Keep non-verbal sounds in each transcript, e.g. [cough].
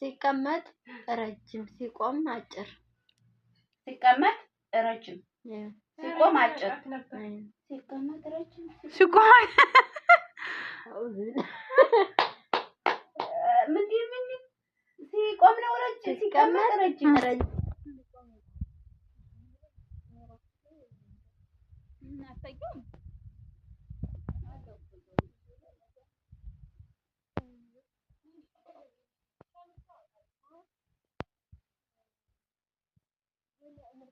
ሲቀመጥ ረጅም፣ ሲቆም አጭር። ሲቀመጥ ረጅም፣ ሲቆም አጭር። ሲቀመጥ ረጅም፣ ሲቆም [laughs] ምንድን ምን ሲቆም ነው ረጅም፣ ሲቀመጥ ረጅም ረጅም እናሳየው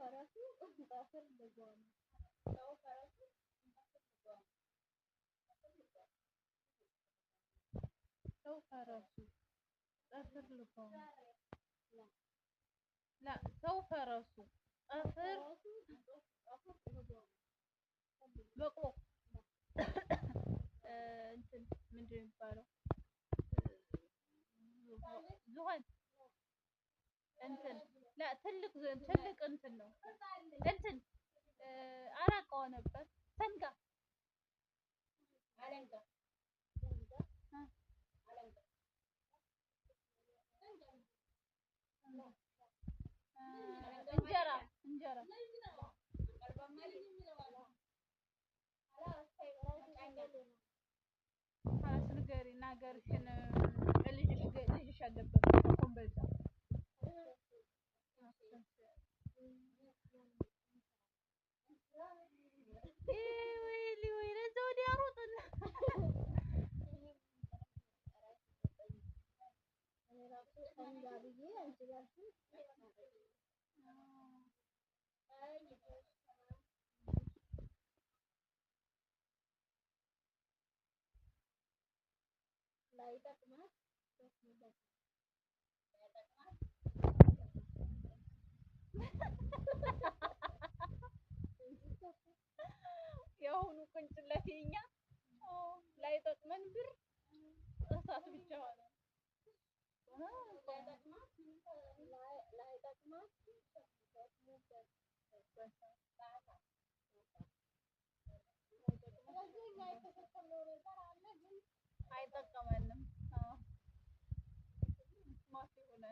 በራሱ በአፈር እንደጓነ ሰው ሰው ፈረሱ ጠፍር ልጓሙ ላ ሰው ፈረሱ ጠፍር በቅሎ እንትን ምንድን ነው የሚባለው? ዝሆን እንትን ትልቅ ትልቅ እንትን ነው እንትን አራቃዋ ነበር ሰንጋ እንጀራ እንጀራ ንገሪና ገርሽን ልጅሽ አለበት ኮምቦልቻ లైట్ అక్కడ አይጠቀመንም። ስማርት የሆነ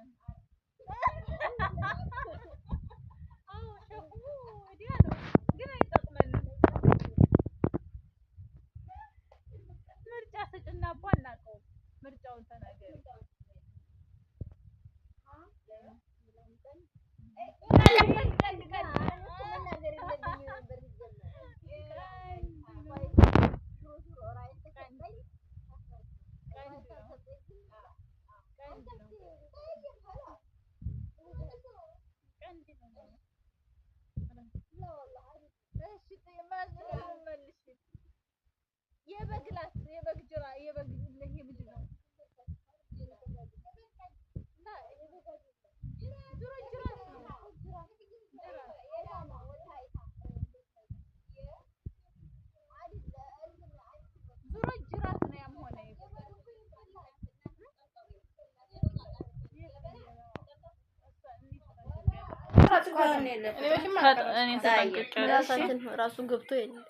ራሱ ገብቶ የለም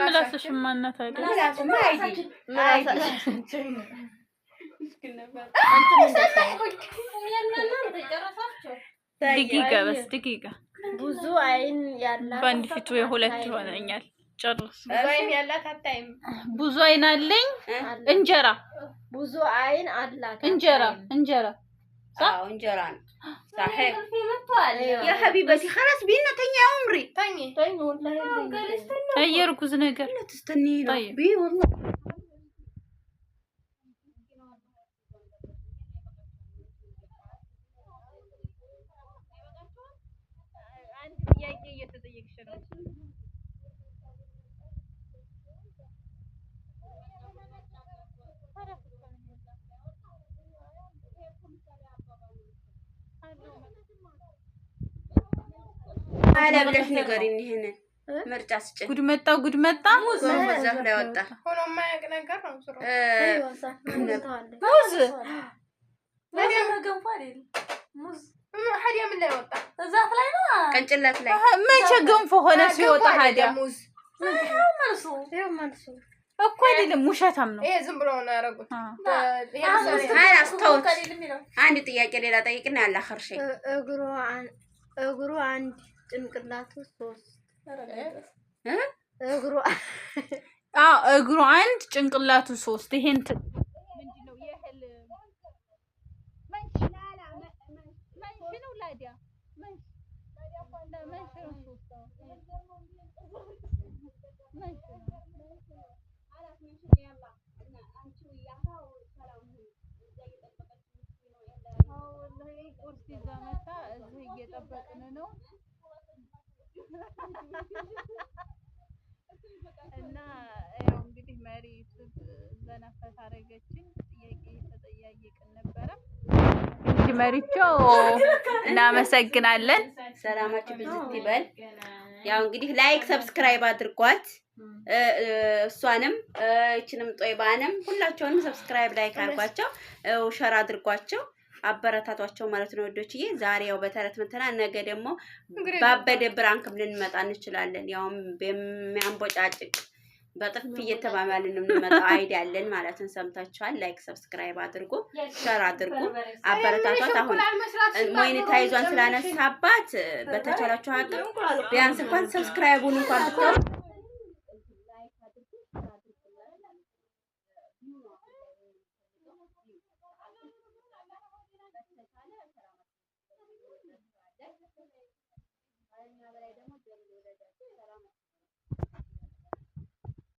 ምላስሽማ እናት አይደል? ብዙ አይን ያላት በአንድ ፊቱ የሁለት ይሆነኛል። ጨርስ። ብዙ አይን አለኝ እንጀራ ብዙ አይን አላት እንጀራ እንጀራ صح؟ اه ونجران صحيح أيوة، أيوة. يا حبيبتي خلاص بينا تاني عمري تاني تاني والله آه، قال استنى هيا ركز نقر لا طيب بي والله Thank you. ለብለሽ ንገሪኝ። ይሄንን ምርጫ ስጭኝ። ጉድ መጣ፣ ጉድ መጣ። ሙዝ ላይ ወጣ ሆኖ የማያውቅ ነገር ነው። ሙዝ ሀዲያ ምን ላይ ወጣ? ዛፍ ላይ ነው፣ ቅንጭላት ላይ መቼ ገንፎ ሆነ ሲወጣ ሀዲያ ሙዝ መልሱ እኮ አይደለም፣ ውሸታም ነው። ዝም ብሎ ነው ያደረጉት። አንድ ጥያቄ ሌላ ጠይቅና ያለ አኸርሽ እግሩ አንድ ጭንቅላቱ ሶስት እግሩ አዎ እግሩ አንድ ጭንቅላቱ ሶስት ይሄን ቁርስ እየጠበቅን ነው። እና ያው እንግዲህ መሪ ዩቱብ ዘና ፈታ አደረገችን። ጥያቄ ተጠያየቅን ነበረ። እንግዲህ መሪቾ እናመሰግናለን። ሰላማችሁ ብዙ ይበል። ያው እንግዲህ ላይክ፣ ሰብስክራይብ አድርጓት። እሷንም እችንም ጦይባንም ሁላቸውንም ሰብስክራይብ ላይክ አድርጓቸው፣ ሸር አድርጓቸው። አበረታቷቸው ማለት ነው ወዶችዬ። ዛሬ ያው በተረት ምንትና ነገ ደግሞ ባበደ ብራንክም ልንመጣ እንችላለን። ያውም በሚያንቦጫጭቅ በጥፍ እየተባባልን የምንመጣ አይድ ያለን ማለትን ሰምታችኋል። ላይክ ሰብስክራይብ አድርጉ፣ ሸር አድርጉ፣ አበረታቷት። አሁን ሞኒታይዟን ስላነሳባት በተቻላችሁ አቅም ቢያንስ እንኳን ሰብስክራይቡን እንኳን ብታው